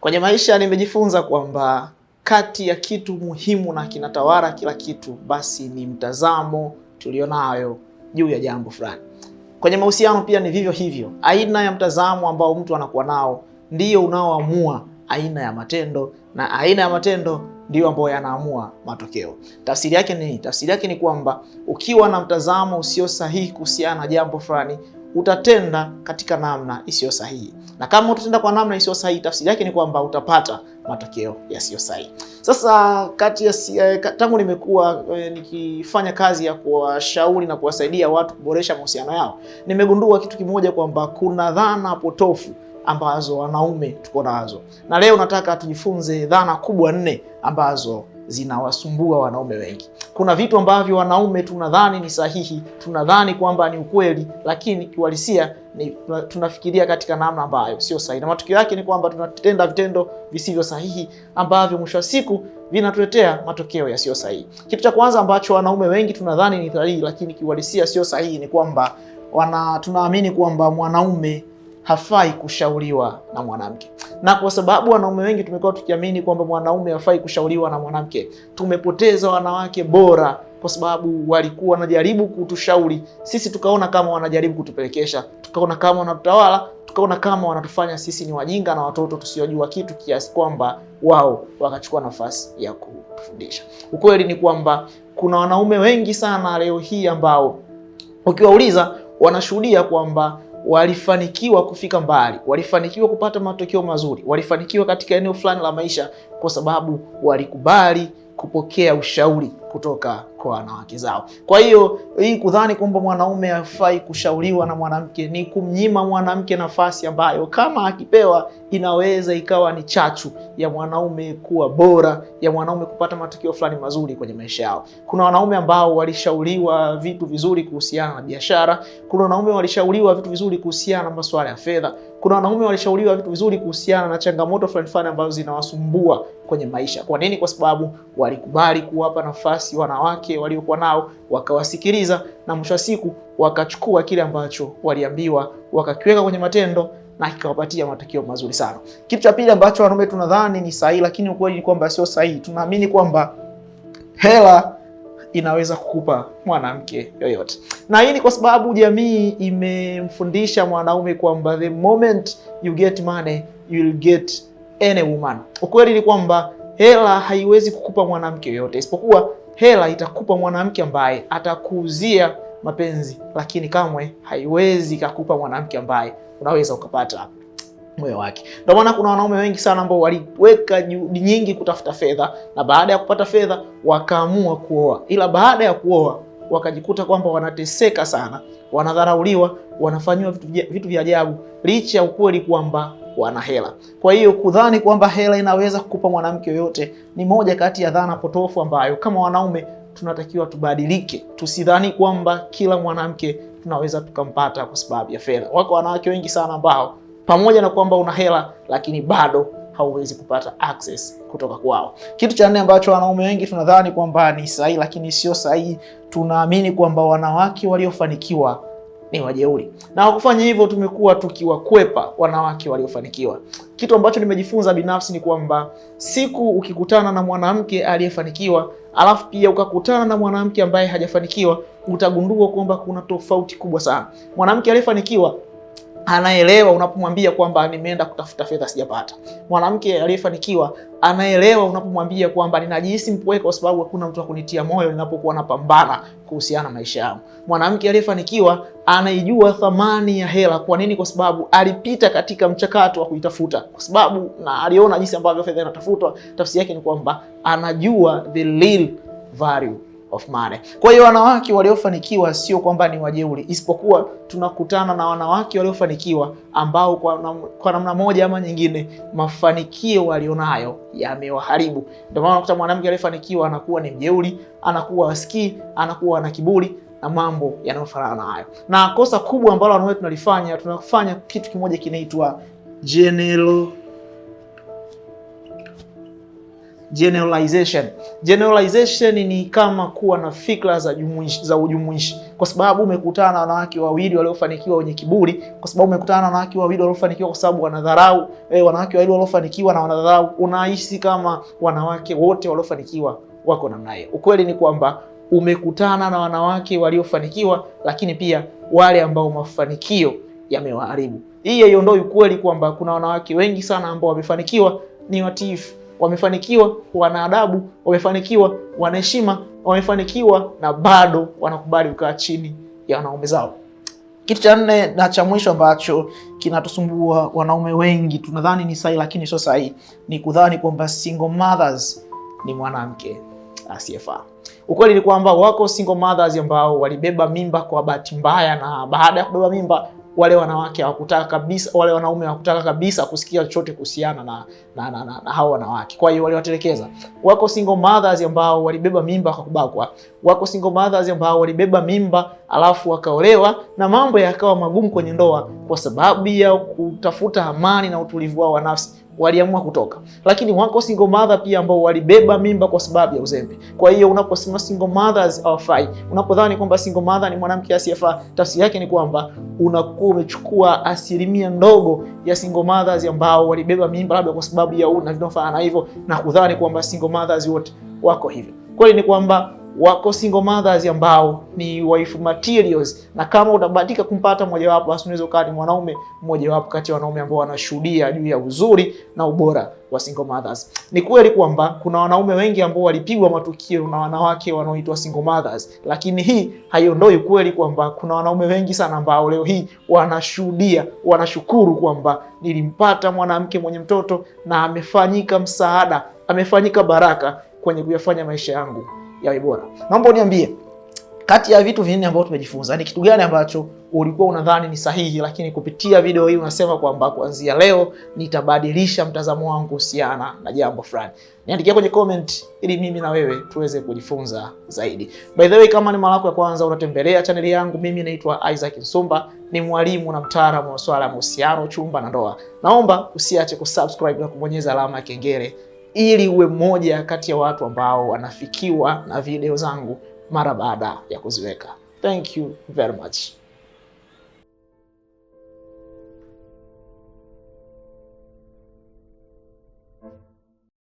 Kwenye maisha nimejifunza kwamba kati ya kitu muhimu na kinatawala kila kitu basi ni mtazamo tulionayo juu ya jambo fulani. Kwenye mahusiano pia ni vivyo hivyo. Aina ya mtazamo ambao mtu anakuwa nao ndiyo unaoamua aina ya matendo na aina ya matendo ndiyo ambayo yanaamua matokeo. Tafsiri yake ni nini? Tafsiri yake ni kwamba ukiwa na mtazamo usio sahihi kuhusiana na jambo fulani utatenda katika namna isiyo sahihi, na kama utatenda kwa namna isiyo sahihi, tafsiri yake ni kwamba utapata matokeo yasiyo sahihi. Sasa kati ya eh, tangu nimekuwa eh, nikifanya kazi ya kuwashauri na kuwasaidia watu kuboresha mahusiano yao, nimegundua kitu kimoja kwamba kuna dhana potofu ambazo wanaume tuko nazo, na leo nataka tujifunze dhana kubwa nne ambazo zinawasumbua wanaume wengi. Kuna vitu ambavyo wanaume tunadhani ni sahihi, tunadhani kwamba ni ukweli, lakini kiuhalisia ni tunafikiria katika namna ambayo sio sahihi, na matukio yake ni kwamba tunatenda vitendo visivyo sahihi ambavyo mwisho wa siku vinatuletea matokeo yasiyo sahihi. Kitu cha kwanza ambacho wanaume wengi tunadhani ni sahihi, lakini kiuhalisia sio sahihi ni kwamba wana tunaamini kwamba mwanaume hafai kushauriwa na mwanamke na kwa sababu wanaume wengi tumekuwa tukiamini kwamba mwanaume hafai kushauriwa na mwanamke, tumepoteza wanawake bora kwa sababu walikuwa wanajaribu kutushauri sisi, tukaona kama wanajaribu kutupelekesha, tukaona kama wanatutawala, tukaona kama wanatufanya sisi ni wajinga na watoto tusiojua kitu, kiasi kwamba wao wakachukua nafasi ya kutufundisha. Ukweli ni kwamba kuna wanaume wengi sana leo hii ambao ukiwauliza wanashuhudia kwamba walifanikiwa kufika mbali, walifanikiwa kupata matokeo mazuri, walifanikiwa katika eneo fulani la maisha, kwa sababu walikubali kupokea ushauri kutoka kwa wanawake zao. Kwa hiyo hii kudhani kwamba mwanaume hafai kushauriwa na mwanamke ni kumnyima mwanamke nafasi ambayo kama akipewa inaweza ikawa ni chachu ya mwanaume kuwa bora, ya mwanaume kupata matukio fulani mazuri kwenye maisha yao. Kuna wanaume ambao walishauriwa vitu vizuri kuhusiana na biashara, kuna wanaume walishauriwa vitu vizuri kuhusiana na masuala ya fedha, kuna wanaume walishauriwa vitu vizuri kuhusiana na changamoto fulani fulani ambazo zinawasumbua kwenye maisha. Kwa nini? Kwa sababu walikubali kuwapa nafasi basi wanawake waliokuwa nao wakawasikiliza na mwisho wa siku wakachukua kile ambacho waliambiwa wakakiweka kwenye matendo na kikawapatia matokeo mazuri sana. Kitu cha pili ambacho wanaume tunadhani ni sahihi, lakini ukweli ni kwamba sio sahihi. Tunaamini kwamba hela inaweza kukupa mwanamke yoyote, na hii ni kwa sababu jamii imemfundisha mwanaume kwamba the moment you get money you will get any woman. Ukweli ni kwamba hela haiwezi kukupa mwanamke yoyote isipokuwa Hela itakupa mwanamke ambaye atakuuzia mapenzi, lakini kamwe haiwezi kakupa mwanamke ambaye unaweza ukapata moyo wake. Ndio maana kuna wanaume wengi sana ambao waliweka juhudi nyingi kutafuta fedha, na baada ya kupata fedha wakaamua kuoa, ila baada ya kuoa wakajikuta kwamba wanateseka sana, wanadharauliwa, wanafanyiwa vitu, vya ajabu licha ya ukweli kwamba na hela. Kwa hiyo kudhani kwamba hela inaweza kukupa mwanamke yoyote ni moja kati ya dhana potofu ambayo kama wanaume tunatakiwa tubadilike. Tusidhani kwamba kila mwanamke tunaweza tukampata kwa sababu ya fedha. Wako wanawake wengi sana ambao pamoja na kwamba una hela lakini bado hauwezi kupata access kutoka kwao. Kitu cha nne ambacho wanaume wengi tunadhani kwamba ni sahihi, lakini sio sahihi, tunaamini kwamba wanawake waliofanikiwa ni wajeuri, na kwa kufanya hivyo tumekuwa tukiwakwepa wanawake waliofanikiwa. Kitu ambacho nimejifunza binafsi ni kwamba siku ukikutana na mwanamke aliyefanikiwa alafu pia ukakutana na mwanamke ambaye hajafanikiwa, utagundua kwamba kuna tofauti kubwa sana. Mwanamke aliyefanikiwa anaelewa unapomwambia kwamba nimeenda kutafuta fedha sijapata. Mwanamke aliyefanikiwa anaelewa unapomwambia kwamba ninajihisi mpweke kwa sababu hakuna mtu wa kunitia moyo ninapokuwa napambana kuhusiana na maisha yangu. Mwanamke aliyefanikiwa anaijua thamani ya hela. Kwa nini? Kwa sababu alipita katika mchakato wa kuitafuta, kwa sababu na aliona jinsi ambavyo fedha inatafutwa. Tafsiri yake ni kwamba anajua the real value of money. Kwa hiyo wanawake waliofanikiwa sio kwamba ni wajeuri, isipokuwa tunakutana na wanawake waliofanikiwa ambao kwa, kwa namna moja ama nyingine mafanikio walionayo yamewaharibu. Ndio maana unakuta mwanamke aliyefanikiwa anakuwa ni mjeuri, anakuwa askii anakuwa na kiburi na mambo yanayofanana na hayo. Na kosa kubwa ambalo wanawake tunalifanya, tunafanya kitu kimoja kinaitwa general Generalization. Generalization ni kama kuwa na fikra za jumuishi, za ujumuishi, kwa sababu umekutana na wanawake wawili waliofanikiwa wenye kiburi, kwa sababu umekutana na wanawake wawili waliofanikiwa kwa sababu wanadharau eh, wanawake wawili waliofanikiwa na wanadharau, unahisi kama wanawake wote waliofanikiwa wako namna hiyo. Ukweli ni kwamba umekutana na wanawake waliofanikiwa, lakini pia wale ambao mafanikio yamewaharibu. Hii haiondoi ukweli kwamba kuna wanawake wengi sana ambao wamefanikiwa ni watiifu wamefanikiwa, wana adabu, wamefanikiwa, wana heshima, wamefanikiwa na bado wanakubali kukaa chini ya wanaume zao. Kitu cha nne na cha mwisho ambacho kinatusumbua wanaume wengi, tunadhani ni sahihi lakini sio sahihi, ni kudhani kwamba single mothers ni mwanamke asiyefaa. Ukweli ni kwamba wako single mothers ambao walibeba mimba kwa bahati mbaya, na baada ya kubeba mimba wale wanawake hawakutaka kabisa, wale wanaume hawakutaka kabisa kusikia chochote kuhusiana na, na, na, na, na hao wanawake. Kwa hiyo waliwatelekeza. Wako single mothers ambao walibeba mimba wakakubakwa, wako single mothers ambao walibeba mimba alafu wakaolewa na mambo yakawa magumu kwenye ndoa, kwa sababu ya kutafuta amani na utulivu wao wa nafsi waliamua kutoka, lakini wako single mother pia ambao walibeba mimba kwa sababu ya uzembe. Kwa hiyo unaposema single mothers hawafai, unapodhani kwamba single mother ni mwanamke asiyefaa, tafsiri yake ni kwamba unakuwa umechukua asilimia ndogo ya single mothers ambao walibeba mimba labda kwa sababu ya una na hivyo, na kudhani kwamba single mothers wote wako hivyo. Kweli ni kwamba wako single mothers ambao ni wife materials, na kama utabahatika kumpata mmojawapo, basi unaweza ukawa ni mwanaume mmojawapo kati ya wanaume ambao wanashuhudia juu ya uzuri na ubora wa single mothers. Ni kweli kwamba kuna wanaume wengi ambao walipigwa matukio na wanawake wanaoitwa single mothers, lakini hii haiondoi kweli kwamba kuna wanaume wengi sana ambao leo hii wanashuhudia, wanashukuru kwamba nilimpata mwanamke mwenye mtoto na amefanyika msaada, amefanyika baraka kwenye kuyafanya maisha yangu yawe bora. Naomba uniambie kati ya vitu vinne ambavyo tumejifunza, ni kitu gani ambacho ulikuwa unadhani ni sahihi, lakini kupitia video hii unasema kwamba kuanzia leo nitabadilisha mtazamo wangu kuhusiana na jambo fulani? Niandikia kwenye comment ili mimi na wewe tuweze kujifunza zaidi. By the way, kama ni mara yako ya kwanza unatembelea chaneli yangu, mimi naitwa Isaac Nsumba, ni mwalimu na mtaalamu wa masuala ya mahusiano, chumba na ndoa. Naomba usiache kusubscribe na kubonyeza alama ya kengele ili uwe mmoja kati ya watu ambao wanafikiwa na video zangu mara baada ya kuziweka. Thank you very much.